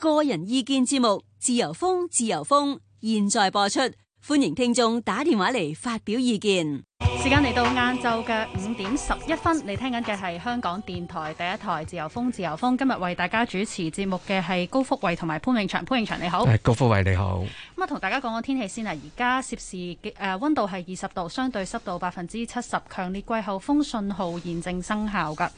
個人意見節目，自由風，自由風，現在播出，歡迎聽眾打電話嚟發表意見。時間嚟到晏晝嘅五點十一分，你聽緊嘅係香港電台第一台自由風，自由風。今日為大家主持節目嘅係高福慧同埋潘永祥，潘永祥你好，係高福慧你好。咁啊，同大家講講天氣先啦。而家攝氏嘅誒溫度係二十度，相對濕度百分之七十，強烈季候風信號現正生效噶。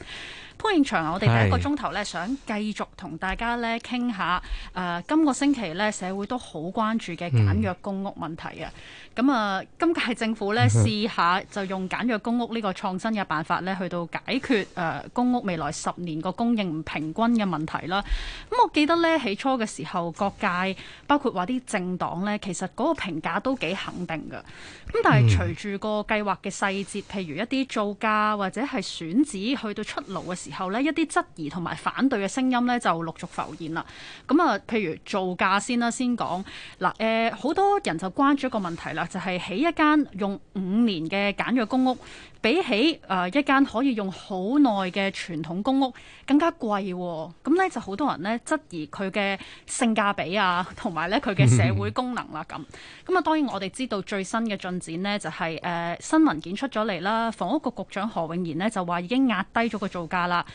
潘綺祥，我哋第一個鐘頭咧，想繼續同大家咧傾下，誒、呃，今個星期咧社會都好關注嘅簡約公屋問題啊。咁、嗯、啊、嗯，今屆政府咧試下就用簡約公屋呢個創新嘅辦法咧，去到解決誒公屋未來十年個供應唔平均嘅問題啦。咁、嗯嗯、我記得咧起初嘅時候，各界包括話啲政黨咧，其實嗰個評價都幾肯定嘅。咁但係隨住個計劃嘅細節，譬如一啲造價或者係選址，去到出爐嘅時候呢，一啲質疑同埋反對嘅聲音呢，就陸續浮現啦。咁啊，譬如造價先啦，先講嗱，誒，好多人就關注一個問題啦，就係起一間用五年嘅簡約公屋。比起誒、呃、一間可以用好耐嘅傳統公屋更加貴，啊，咁呢就好多人呢質疑佢嘅性價比啊，同埋咧佢嘅社會功能啦、啊、咁。咁啊當然我哋知道最新嘅進展呢就係、是、誒、呃、新文件出咗嚟啦，房屋局局長何永賢呢就話已經壓低咗個造價啦。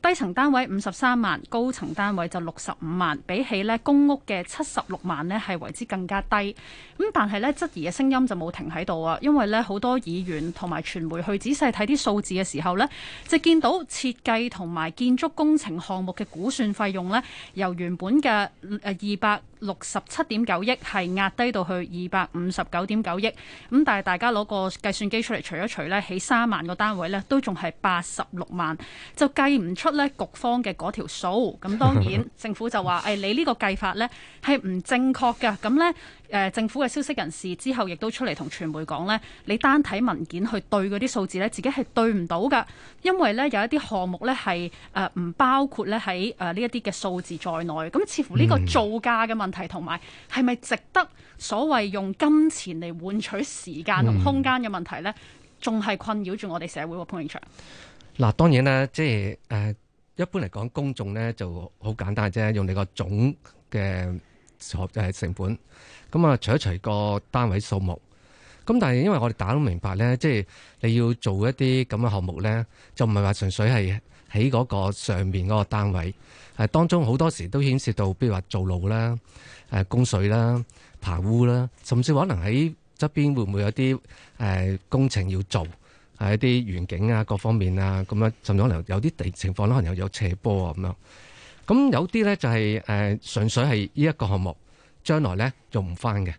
低層單位五十三萬，高層單位就六十五萬，比起呢公屋嘅七十六萬呢係爲之更加低。咁但係呢質疑嘅聲音就冇停喺度啊，因爲呢好多議員同埋傳媒去。仔細睇啲數字嘅時候呢，就見到設計同埋建築工程項目嘅估算費用呢，由原本嘅誒二百六十七點九億係壓低到去二百五十九點九億。咁但係大家攞個計算機出嚟除一除呢，起三萬個單位呢都仲係八十六萬，就計唔出呢局方嘅嗰條數。咁當然，政府就話誒、 哎、你呢個計法呢係唔正確噶。咁呢。誒、呃、政府嘅消息人士之後亦都出嚟同傳媒講呢，你單睇文件去對嗰啲數字呢，自己係對唔到噶，因為呢有一啲項目呢係誒唔包括呢喺誒呢一啲嘅數字在內。咁似乎呢個造價嘅問題同埋係咪值得所謂用金錢嚟換取時間同空間嘅問題呢仲係、嗯、困擾住我哋社會喎，潘永祥。嗱當然啦，即係誒、呃、一般嚟講，公眾呢就好簡單啫，用你個總嘅。就誒成本，咁啊除一除個單位數目，咁但係因為我哋大家都明白咧，即係你要做一啲咁嘅項目咧，就唔係話純粹係喺嗰個上面嗰個單位，係當中好多時都牽涉到，譬如話做路啦、誒供水啦、排污啦，甚至可能喺側邊會唔會有啲誒工程要做，係一啲園景啊各方面啊咁樣，甚至可能有啲地情況可能又有斜坡啊咁咁有啲咧就係誒純粹係呢一個項目將來咧用唔翻嘅，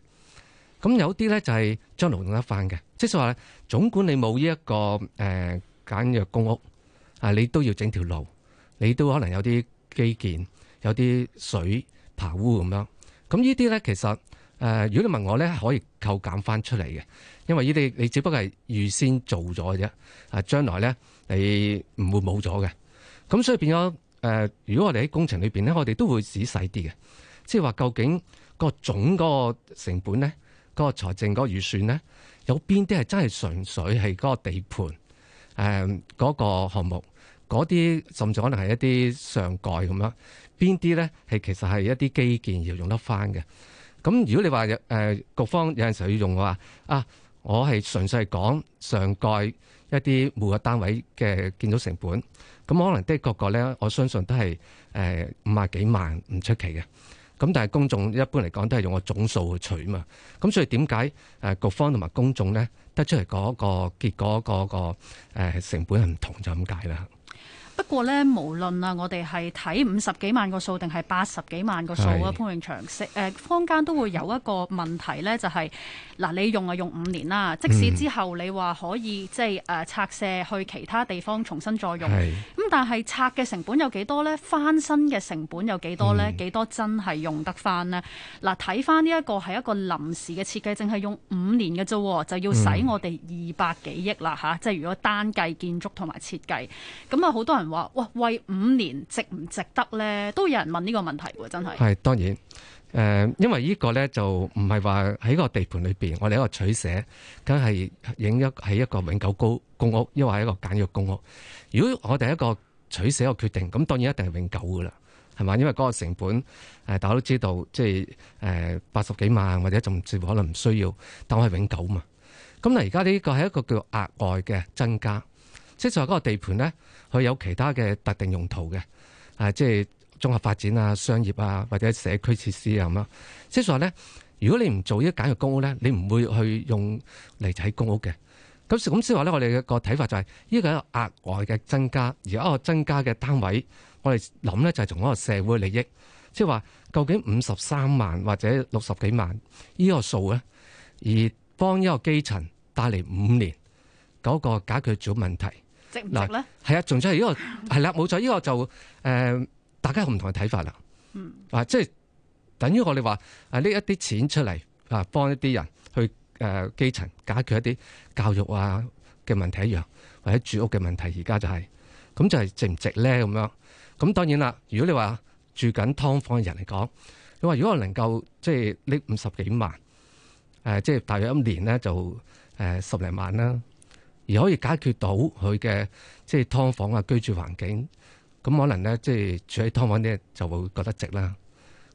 咁有啲咧就係、是、將來用得翻嘅，即係話總管你冇呢一個誒、呃、簡約公屋啊、呃，你都要整條路，你都可能有啲基建、有啲水排污咁樣。咁呢啲咧其實誒、呃，如果你問我咧，可以扣減翻出嚟嘅，因為呢啲你只不過係預先做咗嘅啫，啊將來咧你唔會冇咗嘅，咁所以變咗。誒，如果我哋喺工程裏邊咧，我哋都會仔細啲嘅，即係話究竟個總嗰個成本咧，嗰、那個財政嗰個預算咧，有邊啲係真係純粹係嗰個地盤，誒、呃、嗰、那個項目嗰啲，甚至可能係一啲上蓋咁啦，邊啲咧係其實係一啲基建要用得翻嘅。咁如果你話誒局方有陣時要用嘅話，啊，我係純粹係講上蓋一啲每個單位嘅建造成本。咁可能的確個咧，我相信都係誒、呃、五十幾萬唔出奇嘅。咁但係公眾一般嚟講都係用個總數去取嘛。咁所以點解誒局方同埋公眾咧得出嚟嗰個結果嗰個，一個、呃、成本係唔同就咁解啦。不過咧，無論啊，我哋係睇五十幾萬個數定係八十幾萬個數啊，潘永祥，誒，坊間都會有一個問題咧，就係、是、嗱，你用啊用五年啦、嗯，即使之後你話可以即係、就是啊、拆卸去其他地方重新再用，咁但係拆嘅成本有幾多咧？翻新嘅成本有幾多咧？幾多真係用得翻呢？嗱、嗯，睇翻呢一個係一個臨時嘅設計，淨係用五年嘅啫，就要使我哋二百幾億啦吓、嗯啊，即係如果單計建築同埋設計，咁啊好多人。話哇，喂，五年值唔值得咧？都有人問呢個問題喎，真係。係當然，誒，因為呢個咧就唔係話喺個地盤裏邊，我哋一個取捨，梗係影一係一個永久高公屋，亦或係一個簡約公屋。如果我哋一個取捨個決定，咁當然一定係永久噶啦，係嘛？因為嗰個成本，誒，大家都知道，即係誒八十幾萬或者仲甚至乎可能唔需要，但我係永久嘛。咁但而家呢個係一個叫額外嘅增加。即係話嗰個地盤咧，佢有其他嘅特定用途嘅，誒、啊，即係綜合發展啊、商業啊或者社區設施啊咁樣。即係話咧，如果你唔做呢啲簡約公屋咧，你唔會去用嚟睇公屋嘅。咁咁即係話咧，我哋嘅個睇法就係、是、呢個額外嘅增加而一個增加嘅單位，我哋諗咧就係從嗰個社會利益。即係話究竟五十三萬或者六十幾萬呢個數咧，而幫一個基層帶嚟五年嗰、那個解決咗問題。值唔值咧？係啊，仲即係呢個係啦，冇錯、啊，呢、這個就誒、呃，大家有唔同嘅睇法啦。嗯，嗱、啊，即係等於我哋話誒拎一啲錢出嚟啊，幫一啲人去誒、呃、基層解決一啲教育啊嘅問題一樣，或者住屋嘅問題、就是，而家就係咁就係值唔值咧？咁樣咁、啊、當然啦，如果你話住緊劏房嘅人嚟講，你話如果我能夠即係搦五十幾萬誒，即係、啊、大約一年咧就誒、呃、十零萬啦。而可以解決到佢嘅即係㓥房啊居住環境，咁可能咧即係住喺劏房咧就會覺得值啦。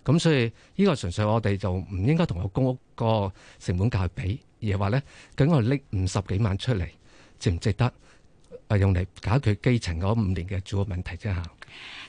咁所以呢個純粹我哋就唔應該同個公屋個成本價去比，而係話咧，究竟我哋搦五十幾萬出嚟，值唔值得？啊，用嚟解決基層嗰五年嘅住屋問題啫嚇。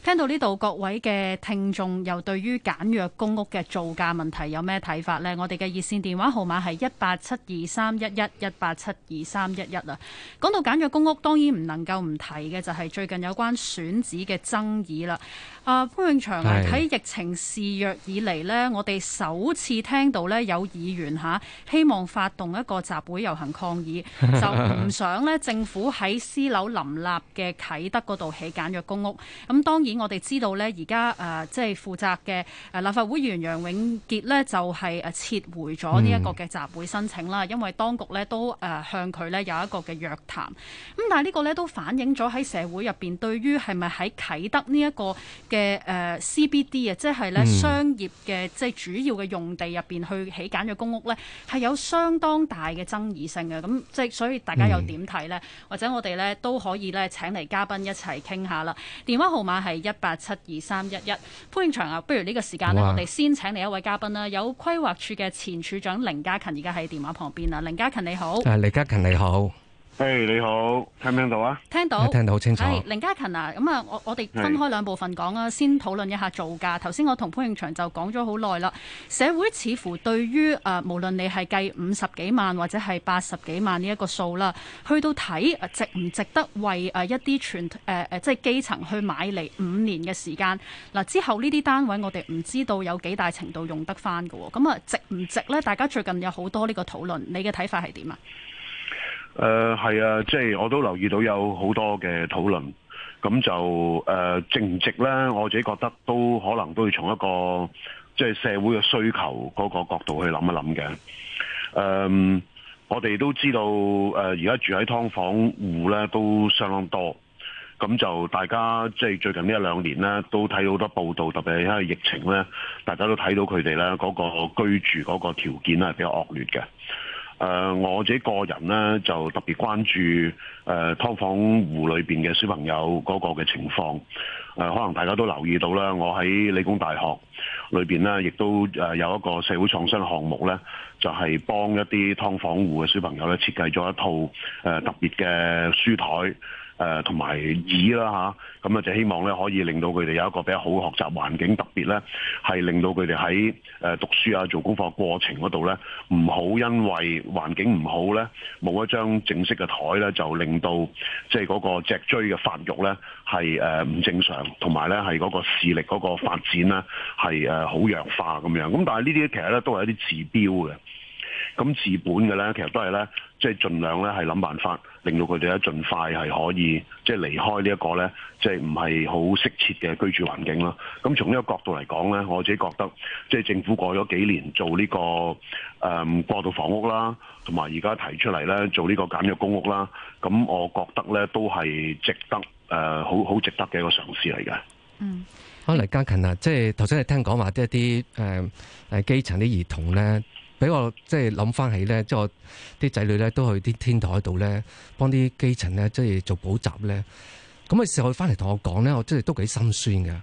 聽到呢度，各位嘅聽眾又對於簡約公屋嘅造價問題有咩睇法呢？我哋嘅熱線電話號碼係一八七二三一一一八七二三一一啊。講到簡約公屋，當然唔能夠唔提嘅就係最近有關選址嘅爭議啦。啊、呃，潘永祥喺疫情肆虐以嚟，呢，我哋首次聽到呢有議員吓希望發動一個集會遊行抗議，就唔想咧政府喺私樓林立嘅啟德嗰度起簡約公屋。咁當然我哋知道咧，而家誒即係負責嘅誒立法會議員楊永傑咧，就係誒撤回咗呢一個嘅集會申請啦、嗯，因為當局咧都誒向佢咧有一個嘅約談。咁但係呢個咧都反映咗喺社會入邊對於係咪喺啟德呢一個嘅誒 CBD 啊、嗯，即係咧商業嘅即係主要嘅用地入邊去起簡約公屋咧，係有相當大嘅爭議性嘅。咁即係所以大家又點睇咧？或者我哋咧都可以咧請嚟嘉賓一齊傾下啦。電話號碼係一八七二三一一。潘永祥啊，不如呢個時間我哋先請嚟一位嘉賓啦，有規劃署嘅前署長凌嘉勤，而家喺電話旁邊啦，凌嘉勤你好。誒，嘉勤你好。嘿、hey，你好，聽唔聽到啊？聽到，聽到好清楚。係，凌嘉勤啊，咁、嗯、啊，我我哋分開兩部分講啊。先討論一下造價。頭先我同潘永祥就講咗好耐啦，社會似乎對於誒、啊，無論你係計五十幾萬或者係八十幾萬呢一個數啦，去到睇值唔值得為誒一啲全誒誒、啊，即係基層去買嚟五年嘅時間。嗱、啊、之後呢啲單位，我哋唔知道有幾大程度用得翻喎。咁啊，值唔值咧？大家最近有好多呢個討論，你嘅睇法係點啊？誒、呃，係啊，即、就、係、是、我都留意到有好多嘅討論，咁就誒值唔值呢，我自己覺得都可能都要從一個即係、就是、社會嘅需求嗰個角度去諗一諗嘅。誒、呃，我哋都知道誒，而、呃、家住喺劏房戶呢都相當多，咁就大家即係、就是、最近呢一兩年呢都睇到好多報道，特別係因為疫情呢，大家都睇到佢哋呢嗰、那個居住嗰個條件咧係比較惡劣嘅。誒、呃、我自己個人咧，就特別關注誒劏、呃、房戶裏面嘅小朋友嗰個嘅情況。誒、呃、可能大家都留意到啦，我喺理工大學裏面咧，亦都有一個社會創新項目咧，就係、是、幫一啲劏房戶嘅小朋友咧，設計咗一套、呃、特別嘅書枱。誒同埋椅啦吓，咁啊就希望咧可以令到佢哋有一個比較好嘅學習環境，特別咧係令到佢哋喺誒讀書啊、做功課過程嗰度咧，唔好因為環境唔好咧，冇一張正式嘅台咧，就令到即係嗰個脊椎嘅發育咧係誒唔正常，同埋咧係嗰個視力嗰個發展咧係誒好弱化咁樣。咁但係呢啲其實咧都係一啲指標嘅。咁治本嘅咧，其實都係咧，即係盡量咧係諗辦法，令到佢哋咧盡快係可以即係離開呢一個咧，即係唔係好適切嘅居住環境咯。咁從呢個角度嚟講咧，我自己覺得，即係政府過咗幾年做呢個誒過渡房屋啦，同埋而家提出嚟咧做呢個簡約公屋啦，咁我覺得咧都係值得誒好好值得嘅一個嘗試嚟嘅。嗯，好，凌嘉勤啊，即係頭先你聽講話啲一啲誒基層啲兒童咧。俾我即係諗翻起咧，即係我啲仔女咧都去啲天台度咧，幫啲基層咧即係做補習咧。咁啊，時候佢翻嚟同我講咧，我真係都幾心酸嘅。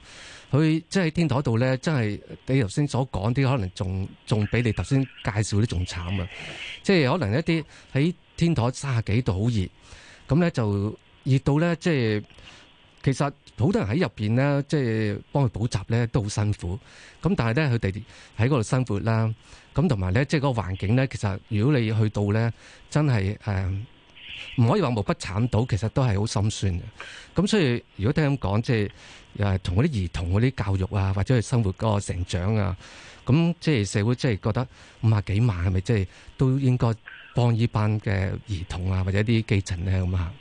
佢即係喺天台度咧，真係你頭先所講啲，可能仲仲比你頭先介紹啲仲慘啊！即係可能一啲喺天台三十幾度好熱，咁咧就熱到咧，即係其實好多人喺入邊咧，即係幫佢補習咧都好辛苦。咁但係咧，佢哋喺嗰度生活啦。咁同埋咧，即係個環境咧，其實如果你去到咧，真係誒，唔可以話目不慘睹，其實都係好心酸嘅。咁所以，如果聽咁講，即係誒，同嗰啲兒童嗰啲教育啊，或者係生活嗰個成長啊，咁即係社會，即係覺得五啊幾萬，係咪即係都應該幫呢班嘅兒童啊，或者啲基層咧咁啊？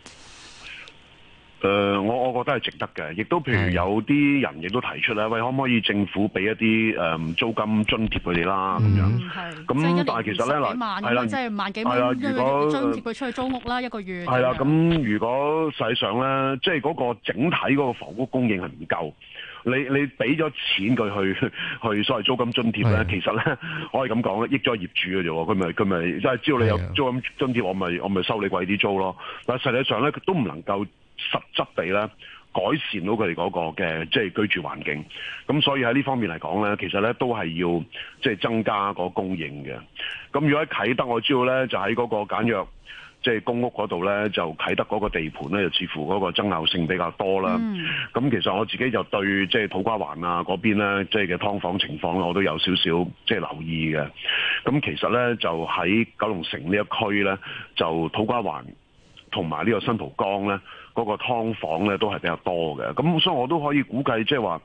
誒、呃，我我覺得係值得嘅，亦都譬如有啲人亦都提出咧，喂，可唔可以政府俾一啲誒、呃、租金津貼佢哋啦？咁、嗯、樣，咁，但係其實咧嗱，係啦，即係萬幾蚊，如果津貼佢出去租屋啦，一個月，係啦，咁如果實際上咧，即係嗰個整體嗰個房屋供應係唔夠，你你俾咗錢佢去去所謂租金津貼咧，其實咧可以咁講咧，益咗業主嘅啫喎，佢咪佢咪即係只要你有租金津貼，我咪我咪收你貴啲租咯。但係實際上咧，都唔能夠，實質地咧改善到佢哋嗰個嘅即係居住環境，咁所以喺呢方面嚟講咧，其實咧都係要即係、就是、增加個供應嘅。咁如果喺啟德，我知道咧就喺嗰個簡約即係、就是、公屋嗰度咧，就啟德嗰個地盤咧，就似乎嗰個爭拗性比較多啦。咁、嗯、其實我自己就對即係、就是、土瓜灣啊嗰邊咧，即係嘅劏房情況咧，我都有少少即係留意嘅。咁其實咧就喺九龍城呢一區咧，就土瓜灣同埋呢個新蒲崗咧。嗰個劏房咧都係比較多嘅，咁所以我都可以估計，即係話，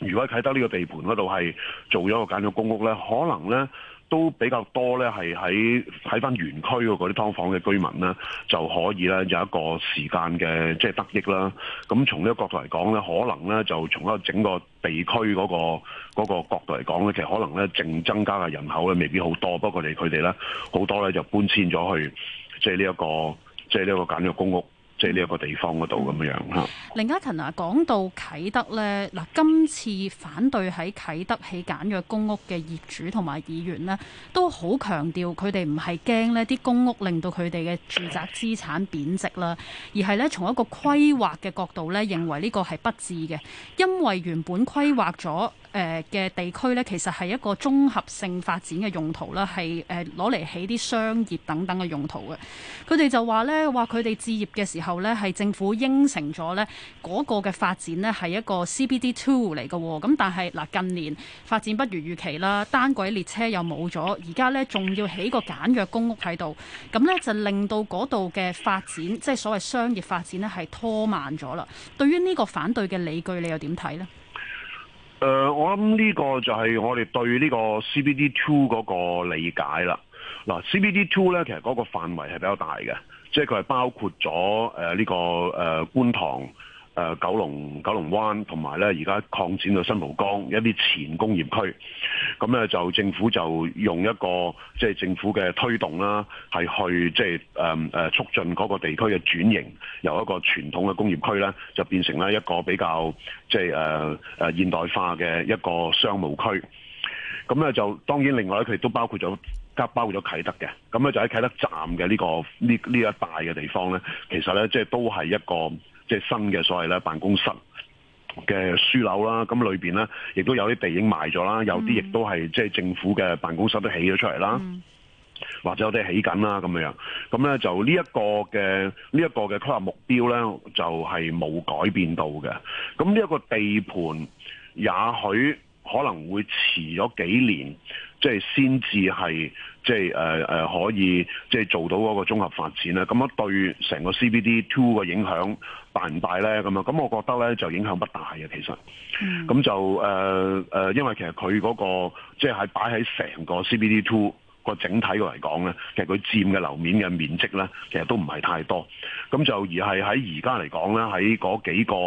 如果啟德呢個地盤嗰度係做咗個簡約公屋咧，可能咧都比較多咧，係喺喺返原區嗰啲劏房嘅居民咧，就可以咧有一個時間嘅即係得益啦。咁從呢個角度嚟講咧，可能咧就從一個整個地區嗰個嗰個角度嚟講咧，其實可能咧淨增加嘅人口咧未必好多，不過嚟佢哋咧好多咧就搬遷咗去即係呢一個即係呢一個簡約公屋。即係呢一個地方嗰度咁樣樣啦。凌嘉勤啊，講到啟德呢，嗱今次反對喺啟德起簡約公屋嘅業主同埋議員呢，都好強調佢哋唔係驚呢啲公屋令到佢哋嘅住宅資產貶值啦，而係呢，從一個規劃嘅角度呢，認為呢個係不智嘅，因為原本規劃咗。誒嘅地區呢，其實係一個綜合性發展嘅用途啦，係誒攞嚟起啲商業等等嘅用途嘅。佢哋就話呢，話佢哋置業嘅時候呢，係政府應承咗呢嗰個嘅發展呢係一個 CBD Two 嚟嘅。咁但係嗱近年發展不如預期啦，單軌列車又冇咗，而家呢仲要起個簡約公屋喺度，咁呢就令到嗰度嘅發展即係所謂商業發展呢係拖慢咗啦。對於呢個反對嘅理據，你又點睇呢？誒、呃，我諗呢個就係我哋對呢個 CBD Two 嗰個理解啦。嗱，CBD Two 咧，其實嗰個範圍係比較大嘅，即係佢係包括咗誒呢個誒觀塘。呃誒、呃、九龍、九龍灣同埋咧，而家擴展到新蒲崗一啲前工業區，咁咧就政府就用一個即係、就是、政府嘅推動啦，係去即係誒促進嗰個地區嘅轉型，由一個傳統嘅工業區咧，就變成咧一個比較即係誒誒現代化嘅一個商務區。咁咧就當然另外咧，佢亦都包括咗加包括咗啟德嘅，咁咧就喺啟德站嘅呢、這個呢呢一帶嘅地方咧，其實咧即係都係一個。即係新嘅所謂咧，辦公室嘅樞紐啦，咁裏邊咧亦都有啲地已經賣咗啦，有啲亦都係、嗯、即係政府嘅辦公室都起咗出嚟啦、嗯，或者有啲起緊啦咁樣，咁咧就呢一個嘅呢一個嘅規劃目標咧，就係、是、冇改變到嘅。咁呢一個地盤，也許可能會遲咗幾年，即係先至係。即係誒誒可以即係、即係、做到嗰個綜合發展咧，咁樣對成個 C B D Two 嘅影響大唔大咧？咁咁我覺得咧就影響不大嘅，其實。咁就誒、呃呃、因為其實佢嗰、嗰個即係、即係、係擺喺成個 C B D Two 個整體嚟講咧，其實佢佔嘅樓面嘅面積咧，其實都唔係太多。咁就而係喺而家嚟講咧，喺嗰幾個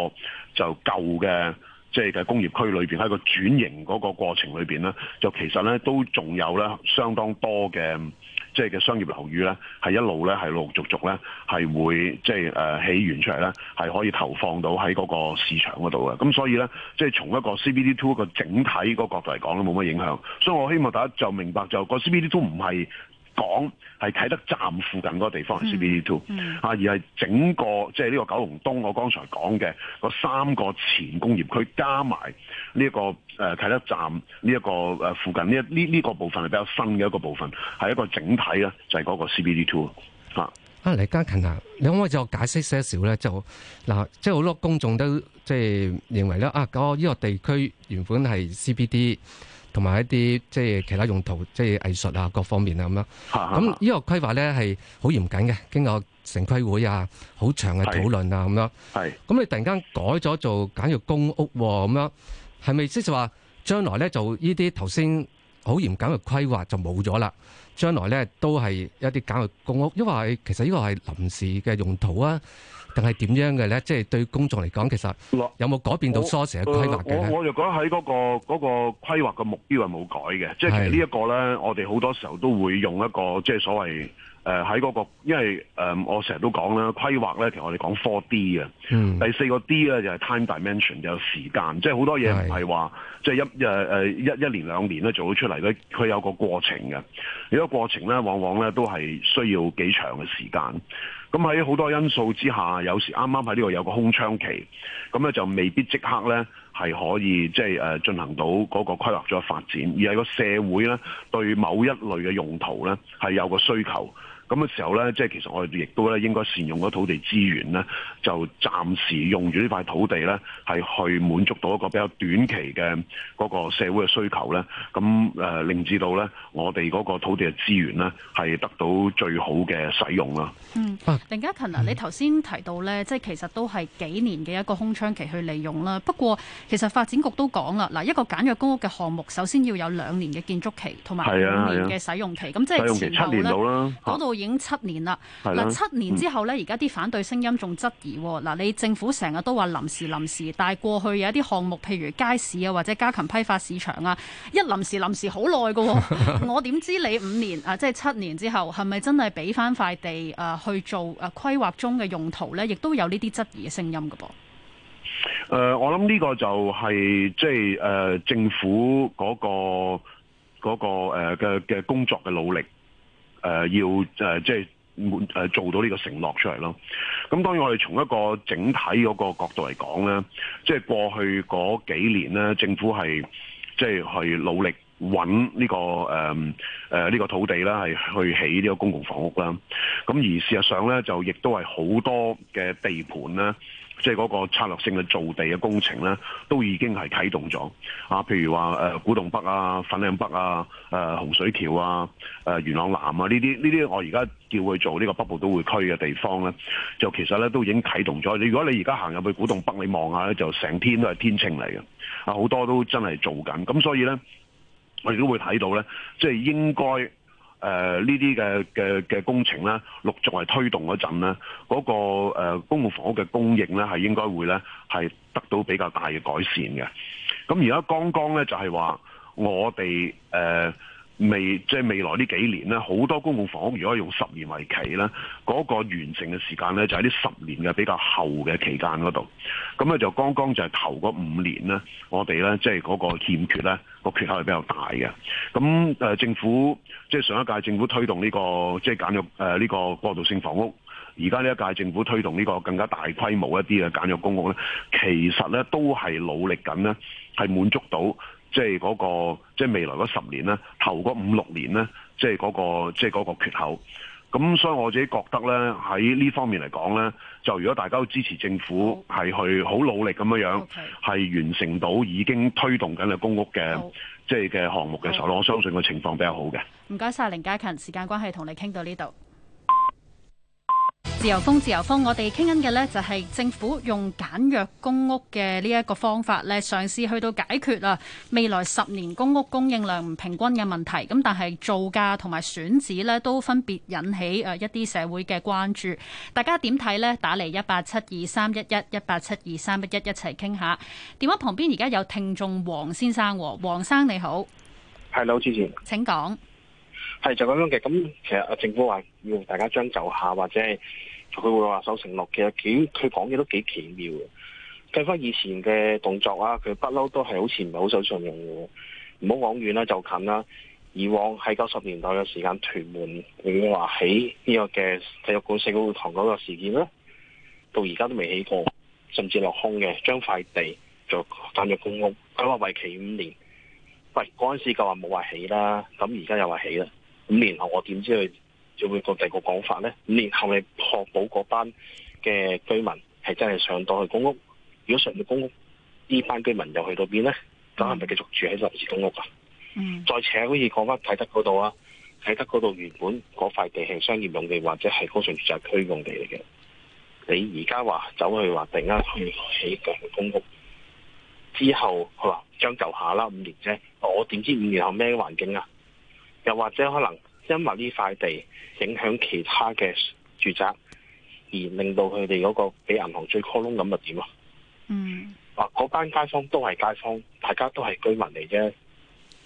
就舊嘅，即係嘅工業區裏邊喺個轉型嗰個過程裏邊咧，就其實咧都仲有咧相當多嘅即係嘅商業樓宇咧，係一路咧係陸陸續續咧係會即係誒起源出嚟咧，係可以投放到喺嗰個市場嗰度嘅。咁所以咧，即係從一個 C B D to 個整體嗰個角度嚟講咧，冇乜影響。所以我希望大家就明白就個 C B D to 唔係。講係啟德站附近嗰地方係 CBD Two、嗯、啊、嗯，而係整個即係呢個九龍東我剛才講嘅個三個前工業區加埋呢一個誒、呃、啟德站呢一個誒附近呢呢呢個部分係比較新嘅一個部分，係一個整體咧就係嗰個 CBD Two 啊！啊凌嘉勤啊，你可唔可以再解釋一下一些少咧？就嗱、啊，即係好多公眾都即係認為咧啊，嗰、啊、呢、這個地區原本係 CBD。同埋一啲即係其他用途，即係藝術啊，各方面啊咁樣。咁、啊、呢個規劃咧係好嚴謹嘅，經過城規會啊，好長嘅討論啊咁樣。係、啊。咁、啊啊、你突然間改咗做簡約公屋、啊，咁樣係咪即係話將來咧就呢啲頭先好嚴謹嘅規劃就冇咗啦？將來咧都係一啲簡約公屋，因為其實呢個係臨時嘅用途啊。但係點樣嘅咧？即係對公眾嚟講，其實有冇改變到 source 嘅規劃嘅咧？我我，我就覺得喺嗰、嗰個嗰、嗰個規劃嘅目標係冇改嘅。即係呢一個咧，我哋好多時候都會用一個即係所謂誒喺嗰個，因為誒、呃、我成日都講啦，規劃咧其實我哋講 four D 嘅。第四個 D 咧就係、是、time dimension，就係時間。即係好多嘢唔係話即係一誒誒一一年兩年咧做好出嚟咧，佢有個過程嘅。呢、這個過程咧，往往咧都係需要幾長嘅時間。咁喺好多因素之下，有時啱啱喺呢度有個空窗期，咁咧就未必即刻咧係可以即係誒進行到嗰個規劃嘅發展，而係個社會咧對某一類嘅用途咧係有個需求。咁嘅時候咧，即係其實我哋亦都咧應該善用嗰土地資源咧，就暫時用住呢塊土地咧，係去滿足到一個比較短期嘅嗰個社會嘅需求咧。咁誒，令至到咧我哋嗰個土地嘅資源咧係得到最好嘅使用啦。嗯，凌嘉勤啊，你頭先提到咧，即係其實都係幾年嘅一個空窗期去利用啦。不過其實發展局都講啦，嗱一個簡約公屋嘅項目，首先要有兩年嘅建築期同埋五年嘅使用期。係啊。咁即係前用期七年到啦，度、啊。已經七年啦，嗱，七年之後呢，而家啲反對聲音仲質疑、喎，嗱你政府成日都話臨時臨時，但係過去有一啲項目，譬如街市啊或者家禽批發市場啊，一臨時臨時好耐噶， 我點知你五年啊，即係七年之後係咪真係俾翻塊地誒去做誒規劃中嘅用途呢？亦都有呢啲質疑嘅聲音噶噃、哦。誒、呃，我諗呢個就係即係政府嗰、嗰個、嗰個誒嘅嘅工作嘅努力。誒、呃、要誒、呃、即係、呃、做到呢個承諾出嚟咯。咁當然我哋從一個整體嗰個角度嚟講咧，即係過去嗰幾年咧，政府係即係去努力揾呢、這個誒呢、呃這個土地啦，係去起呢個公共房屋啦。咁而事實上咧，就亦都係好多嘅地盤咧。即係嗰個策略性嘅造地嘅工程咧，都已經係啟動咗啊！譬如話、呃、古洞北啊、粉嶺北啊、呃、洪水橋啊、呃、元朗南啊呢啲呢啲，這些這些我而家叫佢做呢個北部都會區嘅地方咧，就其實咧都已經啟動咗。如果你而家行入去古洞北，你望下咧，就成天都係天秤嚟嘅啊！好多都真係做緊，咁所以咧，我亦都會睇到咧，即係應該。誒呢啲嘅嘅嘅工程咧，陸續係推動嗰陣咧，嗰、嗰個、呃、公共房屋嘅供應咧，係應該會咧係得到比較大嘅改善嘅。咁而家剛剛咧就係、是、話我哋誒。呃未即係、就是、未來呢幾年咧，好多公共房屋如果用十年為期咧，嗰、那個完成嘅時間咧就喺、是、呢十年嘅比較後嘅期間嗰度。咁咧就剛剛就係頭嗰五年咧，我哋咧即係嗰個欠缺咧個缺口係比較大嘅。咁、呃、政府即係、就是、上一屆政府推動呢、這個即係、就是、簡約誒呢個過渡性房屋，而家呢一屆政府推動呢個更加大規模一啲嘅簡約公屋咧，其實咧都係努力緊咧，係滿足到。即係嗰個，即係未來嗰十年呢，頭嗰五六年呢即係嗰個，即係嗰個缺口。咁所以我自己覺得呢，喺呢方面嚟講呢就如果大家都支持政府係去好努力咁樣，係完成到已經推動緊嘅公屋嘅，即係嘅項目嘅時候，我相信個情況比較好嘅。唔該晒，凌嘉勤，時間關係同你傾到呢度。自由風，自由風，我哋傾緊嘅呢就係政府用簡約公屋嘅呢一個方法呢，嘗試去到解決啊未來十年公屋供應量唔平均嘅問題。咁但係造價同埋選址呢都分別引起誒一啲社會嘅關注。大家點睇呢？打嚟一八七二三一一一八七二三一一一齊傾下。電話旁邊而家有聽眾黃先生，黃生你好，係啦，主持，請講。係就咁樣嘅。咁其實啊，政府話要大家將就下，或者係。佢會話守承諾嘅，幾佢講嘢都幾奇妙嘅。計翻以前嘅動作啊，佢不嬲都係好似唔係好守信用喎。唔好講遠啦，就近啦，以往喺九十年代嘅時間屯門會話起呢個嘅體育館四號堂嗰個事件啦，到而家都未起過，甚至落空嘅，將塊地就翻咗公屋。佢話為期五年，喂，嗰陣時就話冇話起啦，咁而家又話起啦，五年後我點知佢？就會個第二個講法咧，五年後咪確保嗰班嘅居民係真係上到去公屋。如果上到公屋，呢班居民又去到邊咧？咁係咪繼續住喺臨時公屋啊？嗯，再扯好似講翻啟德嗰度啊，啟德嗰度原本嗰塊地係商業用地，或者係高尚住宅區用地嚟嘅。你而家話走去話突然間去起個嘅公屋，之後好啦，將就下啦，五年啫。我點知五年後咩環境啊？又或者可能？因為呢塊地影響其他嘅住宅，而令到佢哋嗰個俾銀行追 call 窿，咁又點啊？嗯，嗱、啊，嗰班街坊都係街坊，大家都係居民嚟啫，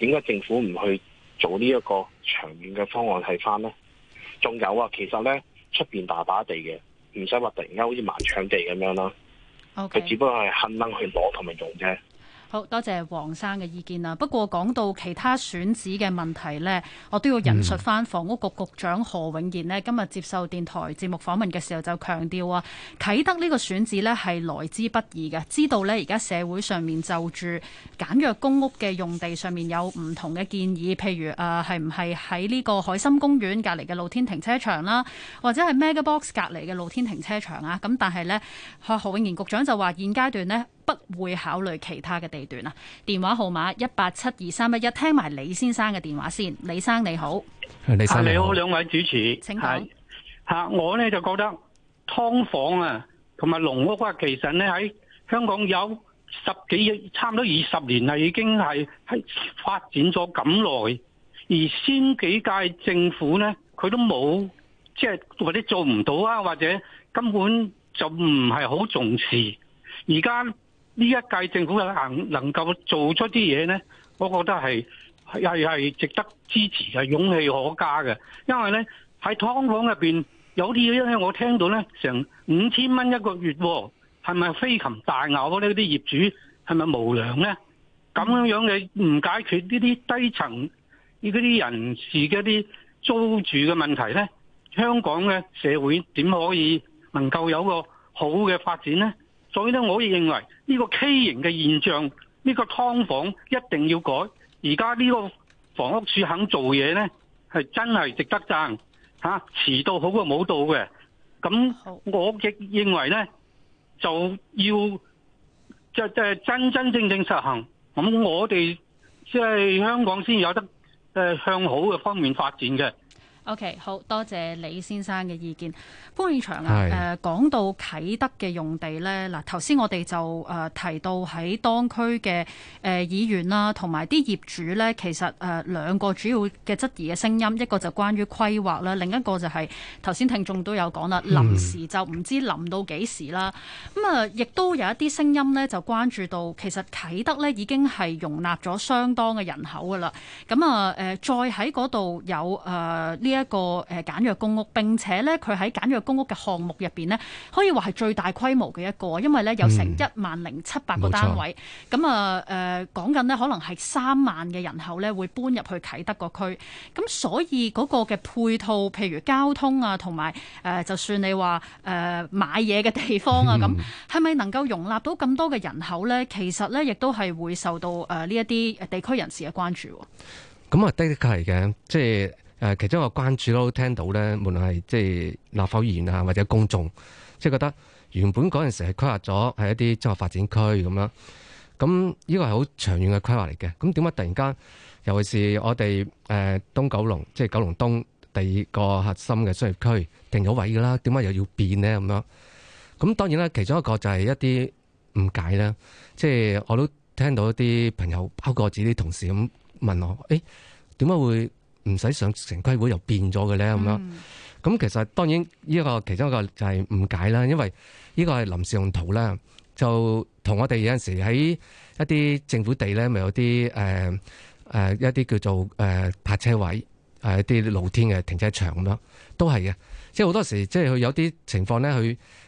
點解政府唔去做呢一個長遠嘅方案睇翻呢？仲有啊，其實呢，出邊大把地嘅，唔使話突然間好似蠻搶地咁樣啦。佢、okay. 只不過係肯楞去攞同埋用啫。好多謝黃生嘅意見啊。不過講到其他選址嘅問題呢，我都要引述翻房屋局局長何永賢呢今日接受電台節目訪問嘅時候就強調啊，啟德呢個選址呢係來之不易嘅。知道呢，而家社會上面就住簡約公屋嘅用地上面有唔同嘅建議，譬如誒係唔係喺呢個海心公園隔離嘅露天停車場啦，或者係 Megabox 隔離嘅露天停車場啊。咁但係呢，何永賢局長就話現階段呢，不會考慮其他嘅地段啦。電話號碼一八七二三一一，聽埋李先生嘅電話先。李先生你好，李先生你好，兩位主持，請講。吓，我咧就覺得劏房啊，同埋農屋啊，其實咧喺香港有十幾差唔多二十年啦，已經係喺發展咗咁耐，而先幾屆政府咧，佢都冇即係或者做唔到啊，或者根本就唔係好重視，而家。呢一屆政府嘅行能夠做出啲嘢呢，我覺得係係係值得支持嘅，勇氣可嘉嘅。因為呢，喺劏房入面，有啲嘢咧，我聽到呢，成五千蚊一個月啊，係咪飛禽大咬咧？嗰啲業主係咪無良呢？咁樣樣嘅唔解決呢啲低層呢嗰啲人士嗰啲租住嘅問題呢，香港嘅社會點可以能夠有個好嘅發展呢？所以咧，我亦認為呢個畸形嘅現象，呢個劏房一定要改。而家呢個房屋署肯做嘢呢，係真係值得讚吓，啊。遲到好過冇到嘅。咁我亦認為呢，就要即係真真正正實行。咁我哋即係香港先有得向好嘅方面發展嘅。OK，好多謝李先生嘅意見。潘永祥啊，誒、呃、講到啟德嘅用地咧，嗱，頭先我哋就誒提到喺當區嘅誒議員啦，同埋啲業主咧，其實誒兩個主要嘅質疑嘅聲音，一個就關於規劃啦，另一個就係頭先聽眾都有講啦，臨時就唔知臨到幾時啦。咁、嗯、啊，亦都有一啲聲音咧，就關注到其實啟德咧已經係容納咗相當嘅人口噶啦。咁啊誒，再喺嗰度有誒呢？呃一個誒簡約公屋，並且咧佢喺簡約公屋嘅項目入邊呢，可以話係最大規模嘅一個，因為咧有成一萬零七百個單位，咁啊誒講緊咧可能係三萬嘅人口咧會搬入去啟德個區，咁所以嗰個嘅配套，譬如交通啊，同埋誒，就算你話誒、呃、買嘢嘅地方啊，咁係咪能夠容納到咁多嘅人口咧？其實咧亦都係會受到誒呢一啲地區人士嘅關注。咁啊，嗯、確的確係嘅，即係。誒，其中一個關注的都聽到咧，無論係即係立法會議員啊，或者公眾，即係覺得原本嗰陣時係規劃咗係一啲綜合發展區咁啦。咁呢個係好長遠嘅規劃嚟嘅。咁點解突然間，尤其是我哋誒東九龍，即係九龍東第二個核心嘅商業區，定咗位噶啦，點解又要變呢？咁樣咁當然啦，其中一個就係一啲誤解啦。即係我都聽到啲朋友，包括我自己啲同事咁問我，誒點解會？唔使上城規會又變咗嘅咧，咁樣、嗯、咁其實當然呢個其中一個就係誤解啦，因為呢個係臨時用途啦。就同我哋有陣時喺一啲政府地咧，咪有啲一啲、呃呃、叫做誒、呃、泊車位，呃、一啲露天嘅停車場咁樣都係嘅。即係好多時，即係佢有啲情況咧，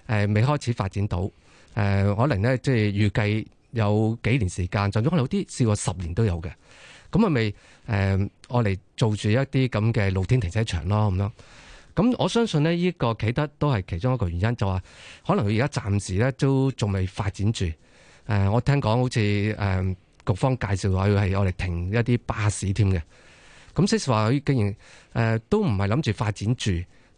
佢未開始發展到，呃、可能咧即係預計有幾年時間，就有可能有啲試過十年都有嘅。咁係咪誒我嚟做住一啲咁嘅露天停車場咯，咁樣，咁我相信呢，呢個啟德都係其中一個原因，就話、是、可能佢而家暫時咧都仲未發展住。誒，我聽講好似誒局方介紹話佢係我嚟停一啲巴士添嘅。咁即係話佢既然誒都唔係諗住發展住，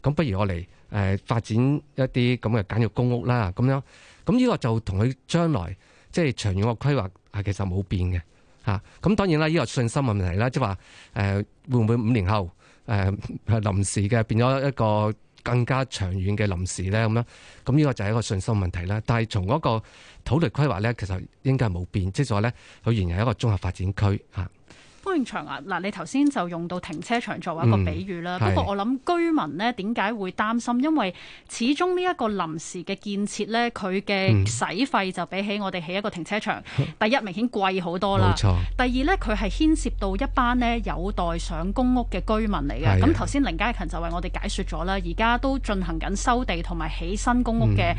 咁不如我嚟誒發展一啲咁嘅簡約公屋啦。咁樣，咁呢個就同佢將來即係、就是、長遠嘅規劃係其實冇變嘅。咁當然啦，呢、這個信心問題啦，即係話會唔會五年後臨、呃、時嘅變咗一個更加長遠嘅臨時咧咁樣，咁、這個就係一個信心問題啦。但係從嗰個土地規劃咧，其實應該係冇變，即係話咧佢原來係一個綜合發展區吓公場啊，嗱，你頭先就用到停車場作為一個比喻啦。不、嗯、過我諗居民咧點解會擔心？因為始終呢一個臨時嘅建設呢佢嘅使費就比起我哋起一個停車場，嗯、第一明顯貴好多啦。冇錯。第二呢，佢係牽涉到一班咧有待上公屋嘅居民嚟嘅。咁頭先凌嘉勤就為我哋解説咗啦。而家都進行緊收地同埋起新公屋嘅誒、嗯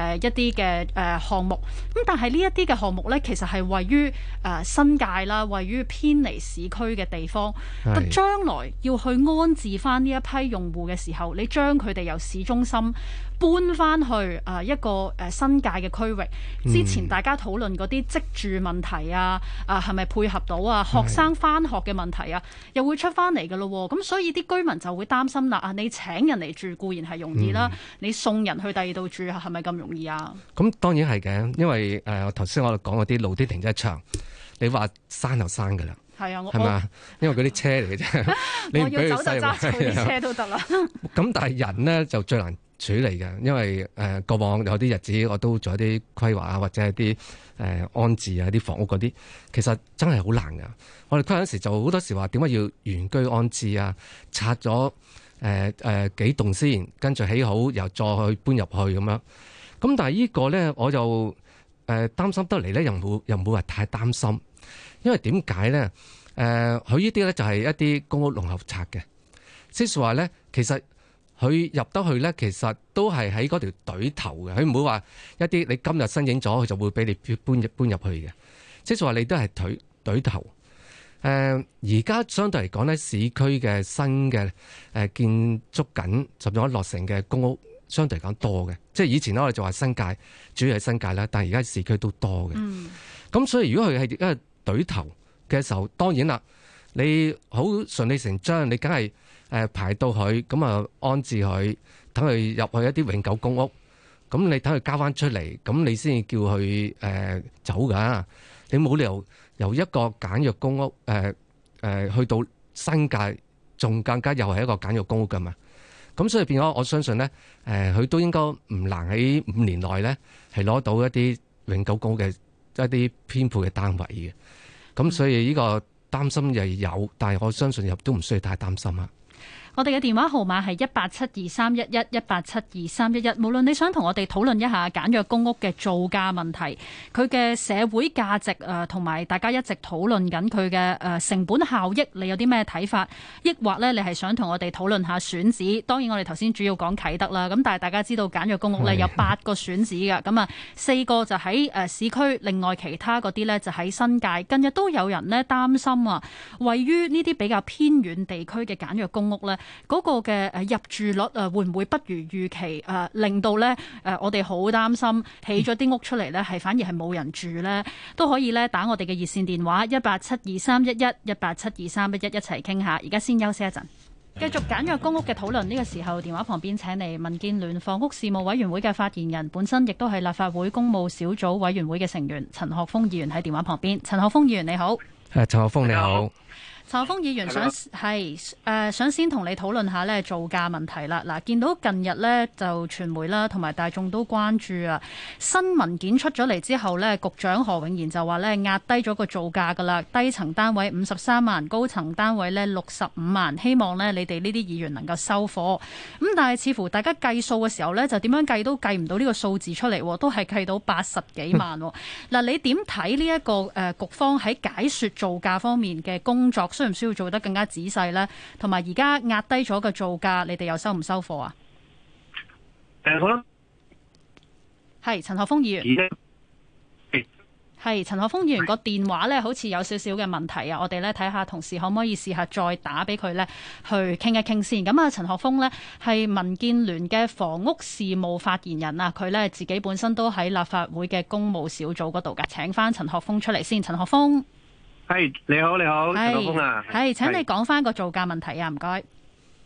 呃、一啲嘅誒項目。咁但係呢一啲嘅項目呢，其實係位於誒、呃、新界啦，位於偏離，市區嘅地方，咁將來要去安置翻呢一批用戶嘅時候，你將佢哋由市中心搬翻去啊一個誒新界嘅區域，之前大家討論嗰啲職住問題啊，啊係咪配合到啊學生翻學嘅問題啊，又會出翻嚟㗎咯，咁所以啲居民就會擔心啦。啊，你請人嚟住固然係容易啦，嗯，你送人去第二度住係咪咁容易啊？咁、嗯嗯、當然係嘅，因為誒頭先我哋講嗰啲路啲停車場，你話刪就刪㗎啦。係啊，係嘛？因為嗰啲車嚟嘅啫， 你 我要走就揸住啲車都得啦。咁 但係人咧就最難處理嘅，因為誒、呃、過往有啲日子我都做一啲規劃啊，或者係啲誒安置啊、啲房屋嗰啲，其實真係好難噶。我哋規劃陣時就好多時話，點解要原居安置啊？拆咗誒誒幾棟先，跟住起好，又再去搬入去咁樣。咁但係呢個咧，我就誒擔、呃、心得嚟咧，又冇又冇話太擔心。因為點解咧？誒、呃，佢呢啲咧就係一啲公屋輪候冊嘅，即係話咧，其實佢入得去咧，其實都係喺嗰條隊頭嘅，佢唔會話一啲你今日申請咗，佢就會俾你搬入搬入去嘅。即係話你都係隊隊頭。誒、呃，而家相對嚟講咧，市區嘅新嘅誒建築緊，甚至落成嘅公屋，相對嚟講多嘅，即係以前咧我哋就話新界主要係新界啦，但係而家市區都多嘅。咁、嗯、所以如果佢係因為隊頭嘅時候，當然啦，你好順理成章，你梗係誒排到佢，咁啊安置佢，等佢入去一啲永久公屋，咁你等佢交翻出嚟，咁你先至叫佢誒走噶。你冇理由由一個簡約公屋誒誒去到新界，仲更加又係一個簡約公屋噶嘛。咁所以變咗，我相信咧誒，佢都應該唔難喺五年內咧係攞到一啲永久公屋嘅。即係啲偏僻嘅單位，咁所以呢個擔心係有，但係我相信亦都唔需要太擔心。我哋嘅電話號碼係一八七二三一一一八七二三一一。無論你想同我哋討論一下簡約公屋嘅造價問題，佢嘅社會價值誒，同、呃、埋大家一直討論緊佢嘅誒成本效益，你有啲咩睇法？抑或呢你係想同我哋討論下選址？當然，我哋頭先主要講啟德啦。咁但係大家知道簡約公屋呢有八個選址㗎。咁啊四個就喺誒、呃、市區，另外其他嗰啲呢就喺新界。近日都有人呢擔心啊，位於呢啲比較偏遠地區嘅簡約公屋呢。嗰、那個嘅誒入住率誒會唔會不如預期誒、呃，令到咧誒、呃、我哋好擔心起咗啲屋出嚟咧，係反而係冇人住咧，都可以咧打我哋嘅熱線電話 1872311, 1872311, 一八七二三一一一八七二三一一一齊傾下。而家先休息一陣，繼 續簡約公屋嘅討論。呢、這個時候電話旁邊請嚟民建聯房屋事務委員會嘅發言人，本身亦都係立法會工務小組委員會嘅成員陳學鋒議員喺電話旁邊。陳學鋒議員你好，誒陳學鋒你好。啊學鋒議員想係誒、呃、想先同你討論下咧造價問題啦。嗱，見到近日咧就傳媒啦同埋大眾都關注啊，新文件出咗嚟之後咧，局長何永賢就話咧壓低咗個造價噶啦，低層單位五十三萬，高層單位咧六十五萬，希望咧你哋呢啲議員能夠收貨。咁但係似乎大家計數嘅時候咧，就點樣計都計唔到呢個數字出嚟，都係計到八十幾萬、哦。嗱、 啊，你點睇呢一個誒、呃、局方喺解説造價方面嘅工作？需唔需要做得更加仔細呢？同埋而家壓低咗個造價，你哋又收唔收貨啊？誒，好啦，係陳學鋒議員。係陳學鋒議員個電話呢，好似有少少嘅問題啊！我哋呢，睇下同事可唔可以試下再打俾佢呢，去傾一傾先。咁啊，陳學鋒呢，係民建聯嘅房屋事務發言人啊，佢呢，自己本身都喺立法會嘅工務小組嗰度㗎。請翻陳學鋒出嚟先，陳學鋒。係、hey, 你好，你好陳、hey, 學鋒啊！係、hey, hey,，請你講翻個造價問題啊，唔該。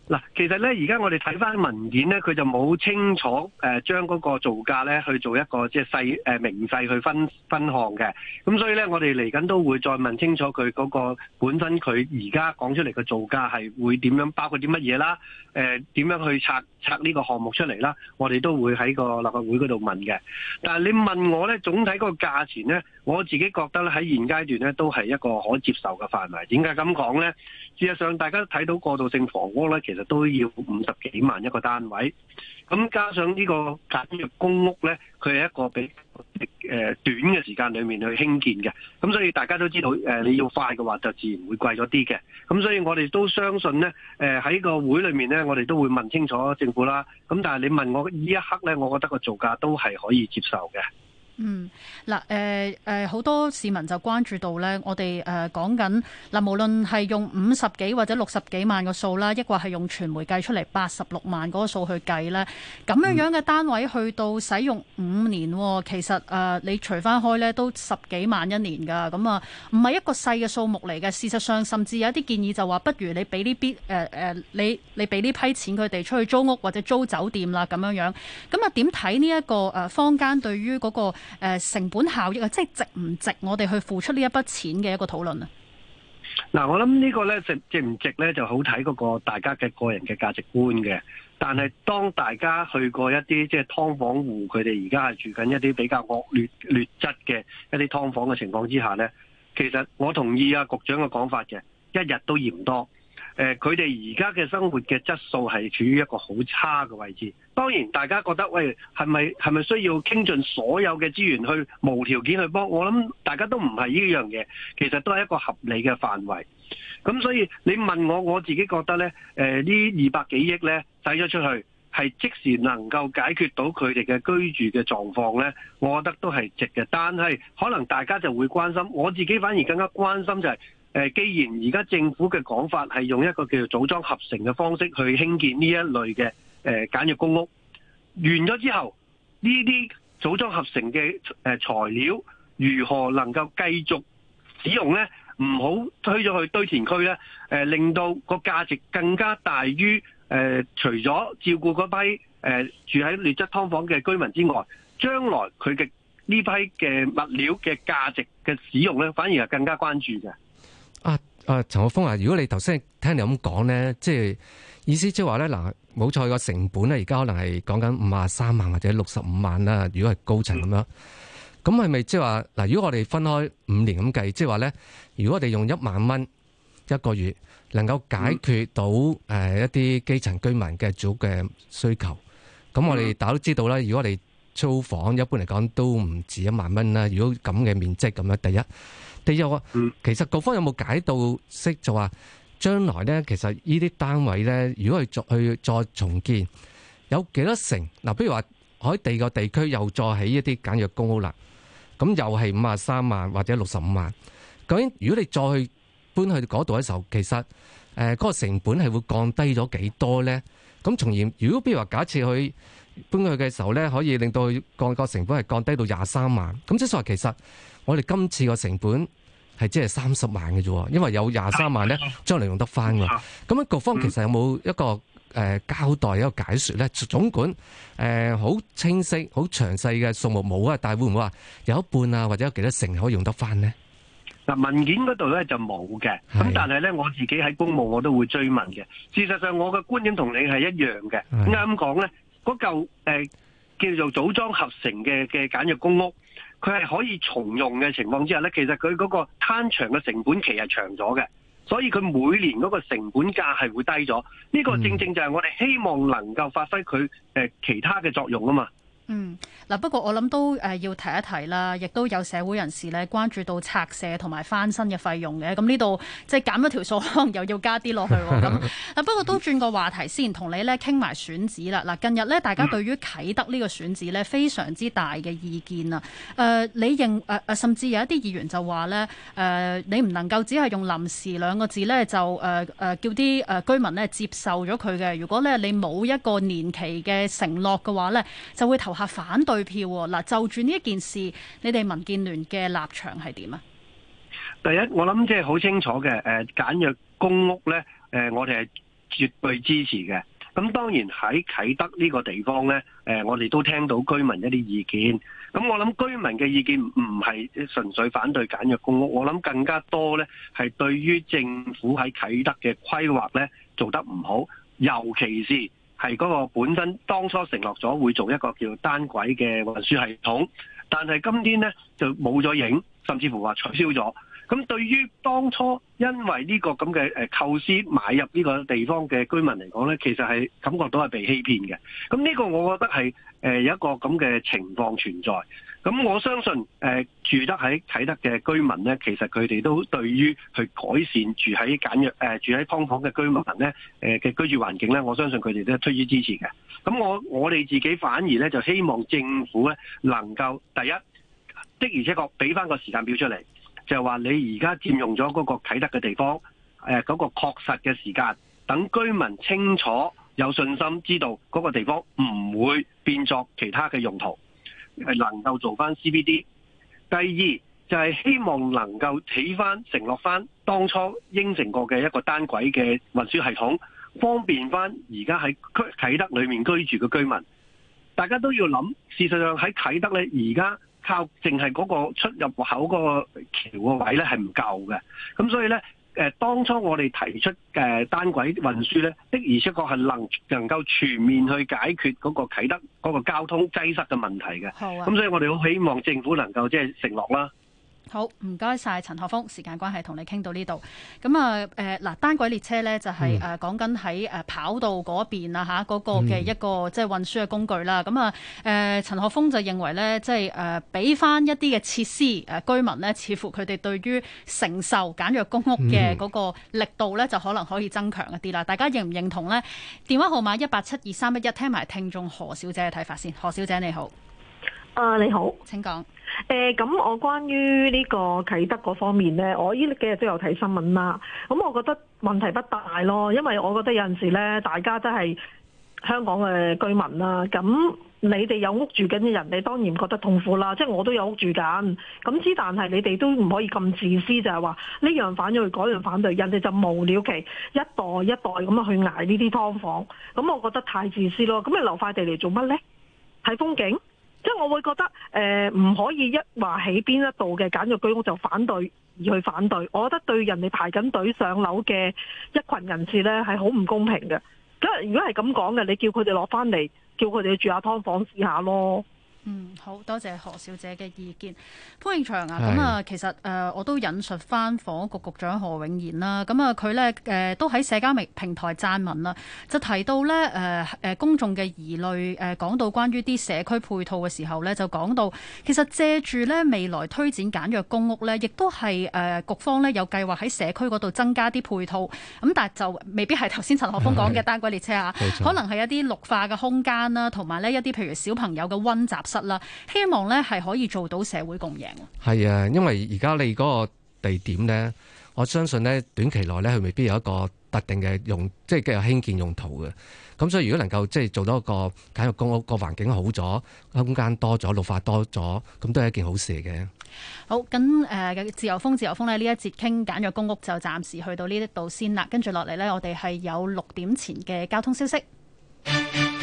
嗱，其實咧，而家我哋睇翻文件咧，佢就冇清楚誒，將、呃、嗰個造價咧去做一個即係細誒明細去分分項嘅。咁所以咧，我哋嚟緊都會再問清楚佢嗰個本身佢而家講出嚟嘅造價係會點樣包括啲乜嘢啦？誒、呃，點樣去拆拆呢個項目出嚟啦？我哋都會喺個立法會嗰度問嘅。但係你問我咧，總體嗰個價錢咧？我自己覺得咧，喺現階段咧，都係一個可接受嘅範圍。點解咁講呢？事實上，大家都睇到過渡性房屋咧，其實都要五十幾萬一個單位。咁加上呢個簡約公屋呢，佢係一個比較短嘅時間裏面去興建嘅。咁所以大家都知道，你要快嘅話，就自然會貴咗啲嘅。咁所以我哋都相信呢，誒喺個會裏面呢，我哋都會問清楚政府啦。咁但係你問我呢一刻呢，我覺得個造價都係可以接受嘅。嗯，嗱、呃，誒誒，好多市民就關注到咧，我哋誒講緊嗱，無論係用五十幾或者六十幾萬個數啦，抑或係用傳媒計出嚟八十六萬嗰個數去計咧，咁樣樣嘅單位去到使用五年，其實誒、呃，你除翻開咧都十幾萬一年㗎，咁啊，唔係一個細嘅數目嚟嘅。事實上，甚至有一啲建議就話，不如你俾呢啲誒誒，你你俾呢批錢佢哋出去租屋或者租酒店啦，咁樣樣。咁啊，點睇呢一個誒？坊間對於嗰、嗰個誒、呃，成本效益啊，即係值唔值我哋去付出呢一筆錢嘅一個討論啊？嗱，我諗呢個咧值值唔值咧就好睇嗰個大家嘅個人嘅價值觀嘅。但係當大家去過一啲即係㓥房戶，佢哋而家係住緊一啲比較惡劣劣質嘅一啲劏房嘅情況之下咧，其實我同意阿局長嘅講法嘅，一日都嫌多。誒、呃，佢哋而家嘅生活嘅質素係處於一個好差嘅位置。當然，大家覺得喂，係咪係咪需要傾盡所有嘅資源去無條件去幫？我諗大家都唔係呢一樣嘢，其實都係一個合理嘅範圍。咁所以你問我，我自己覺得呢，誒、呃、呢二百幾億呢，使咗出去，係即時能夠解決到佢哋嘅居住嘅狀況呢，我覺得都係值嘅。但係可能大家就會關心，我自己反而更加關心就係、是。誒，既然而家政府嘅講法係用一個叫做組裝合成嘅方式去興建呢一類嘅誒簡約公屋，完咗之後呢啲組裝合成嘅誒材料如何能夠繼續使用呢？唔好推咗去堆填區呢，誒令到個價值更加大於誒，除咗照顧嗰批誒住喺劣質㓥房嘅居民之外，將來佢嘅呢批嘅物料嘅價值嘅使用呢，反而係更加關注嘅。啊、呃，陳學鋒啊，如果你頭先聽你咁講咧，即係意思即係話咧，嗱，冇錯個成本咧，而家可能係講緊五啊三萬或者六十五萬啦，如果係高層咁、嗯、樣，咁係咪即係話嗱？如果我哋分開五年咁計，即係話咧，如果我哋用一萬蚊一個月能夠解決到誒一啲基層居民嘅租嘅需求，咁、嗯、我哋大家都知道啦。如果我哋租房一般嚟講都唔止一萬蚊啦，如果咁嘅面積咁樣，第一。第二個，其實各方有冇解到釋，就話將來咧，其實呢啲單位咧，如果去再去再重建，有幾多成嗱？譬如話，喺第二個地區又再起一啲簡約公屋啦，咁又係五十三萬或者六十五萬。究竟如果你再去搬去嗰度嘅時候，其實誒嗰個成本係會降低咗幾多咧？咁從而，比如果譬如話，假設去搬去嘅時候咧，可以令到佢降個成本係降低到廿三萬，咁即係話其實。我哋今次個成本係即係三十萬嘅啫喎，因為有廿三萬咧，將嚟用得翻喎。咁樣局方其實有冇一個誒交代一個解說咧？總管誒好清晰、好詳細嘅數目冇啊，但係會唔會話有一半啊，或者有幾多成可以用得翻咧？嗱，文件嗰度咧就冇嘅，咁但係咧我自己喺公務我都會追問嘅。事實上我嘅觀點同你係一樣嘅，啱講咧，嗰嚿誒叫做組裝合成嘅嘅簡約公屋。佢係可以重用嘅情況之下呢，其實佢嗰個攤長嘅成本期係長咗嘅，所以佢每年嗰個成本價係會低咗。呢、這個正正就係我哋希望能夠發揮佢誒其他嘅作用啊嘛。嗯，嗱、啊，不過我諗都誒、呃、要提一提啦，亦都有社會人士咧關注到拆卸同埋翻新嘅費用嘅，咁呢度即係減咗條數可能又要加啲落去喎。咁嗱、 啊，不過都轉個話題先，同你咧傾埋選址啦。嗱，近日咧大家對於啟德呢個選址咧非常之大嘅意見啊。誒、呃、你認誒、呃、甚至有一啲議員就話咧，誒、呃、你唔能夠只係用臨時兩個字咧就誒誒、呃呃、叫啲誒、呃、居民咧接受咗佢嘅。如果咧你冇一個年期嘅承諾嘅話咧，就會投下反對票。嗱，就住呢一件事，你哋民建聯嘅立場係點啊？第一，我諗即係好清楚嘅。誒，簡約公屋咧，誒，我哋係絕對支持嘅。咁當然喺啟德呢個地方咧，誒，我哋都聽到居民一啲意見，咁我諗居民嘅意見唔係純粹反對簡約公屋，我諗更加多咧係對於政府喺啟德嘅規劃咧做得唔好，尤其是。係嗰個本身當初承諾咗會做一個叫單軌嘅運輸系統，但係今天呢就冇咗影，甚至乎話取消咗。咁對於當初因為呢個咁嘅誒構思買入呢個地方嘅居民嚟講呢，其實係感覺到係被欺騙嘅。咁呢個我覺得係誒有一個咁嘅情況存在。咁我相信，誒、呃、住得喺啟德嘅居民呢，其實佢哋都對於去改善住喺簡約、呃、住喺劏房嘅居民呢嘅、呃、居住環境呢，我相信佢哋都推於支持嘅。咁我我哋自己反而呢，就希望政府呢，能夠第一，的而且確俾翻個時間表出嚟，就係話你而家佔用咗嗰個啟德嘅地方，嗰、呃嗰個確實嘅時間，等居民清楚有信心知道嗰個地方唔會變作其他嘅用途。係能夠做翻 CBD，第二就係、是、希望能夠起翻承諾翻當初應承過嘅一個單軌嘅運輸系統，方便翻而家喺啟德裏面居住嘅居民。大家都要諗，事實上喺啟德呢，而家靠淨係嗰個出入口個個橋個位呢，係唔夠嘅，咁所以呢。誒當初我哋提出誒單軌運輸咧，的而且確係能能夠全面去解決嗰個啟德嗰個交通擠塞嘅問題嘅。好啊，咁所以我哋好希望政府能夠即係承諾啦。好，唔該晒陳學鋒，時間關係，同你傾到呢度。咁啊，誒、呃、嗱，單軌列車咧就係誒講緊喺誒跑道嗰邊啊，吓，嗰個嘅一個即係運輸嘅工具啦。咁、嗯、啊，誒陳、呃、學鋒就認為咧，即係誒俾翻一啲嘅設施，誒、呃、居民咧，似乎佢哋對於承受簡約公屋嘅嗰個力度咧，就可能可以增強一啲啦、嗯。大家認唔認同咧？電話號碼一八七二三一一，聽埋聽眾何小姐嘅睇法先。何小姐你好，誒、啊、你好，請講。誒、呃，咁我關於呢個啟德嗰方面咧，我呢幾日都有睇新聞啦。咁我覺得問題不大咯，因為我覺得有陣時咧，大家都係香港嘅居民啦、啊。咁你哋有屋住緊嘅人哋當然覺得痛苦啦。即係我都有屋住緊，咁之但係你哋都唔可以咁自私，就係話呢樣反對，嗰樣反對，人哋就無了期一代一代咁去捱呢啲劏房。咁我覺得太自私咯。咁你留塊地嚟做乜咧？睇風景？我會覺得誒，唔、呃、可以一話喺邊一度嘅簡約居屋就反對，而去反對。我覺得對人哋排緊隊上樓嘅一群人士呢係好唔公平嘅。如果係咁講嘅，你叫佢哋落返嚟，叫佢哋住下劏房試下囉。嗯，好多謝何小姐嘅意見。潘永祥啊，咁啊，其實誒我都引述翻房屋局局長何永賢啦，咁啊佢咧誒都喺社交媒體平台撰文啦，就提到咧誒誒公眾嘅疑慮誒講到關於啲社區配套嘅時候咧，就講到其實借住咧未來推展簡約公屋咧，亦都係誒局方咧有計劃喺社區嗰度增加啲配套，咁但係就未必係頭先陳學鋒講嘅單軌列車啊，可能係一啲綠化嘅空間啦，同埋咧一啲譬如小朋友嘅温習。啦，希望咧係可以做到社會共贏。係啊，因為而家你嗰個地點咧，我相信咧短期內咧，佢未必有一個特定嘅用，即係嘅興建用途嘅。咁所以如果能夠即係做到一個簡約公屋，個環境好咗，空間多咗，綠化多咗，咁都係一件好事嘅。好，咁誒、呃，自由風，自由風呢，呢一節傾簡約公屋就暫時去到呢度先啦。跟住落嚟呢，我哋係有六點前嘅交通消息。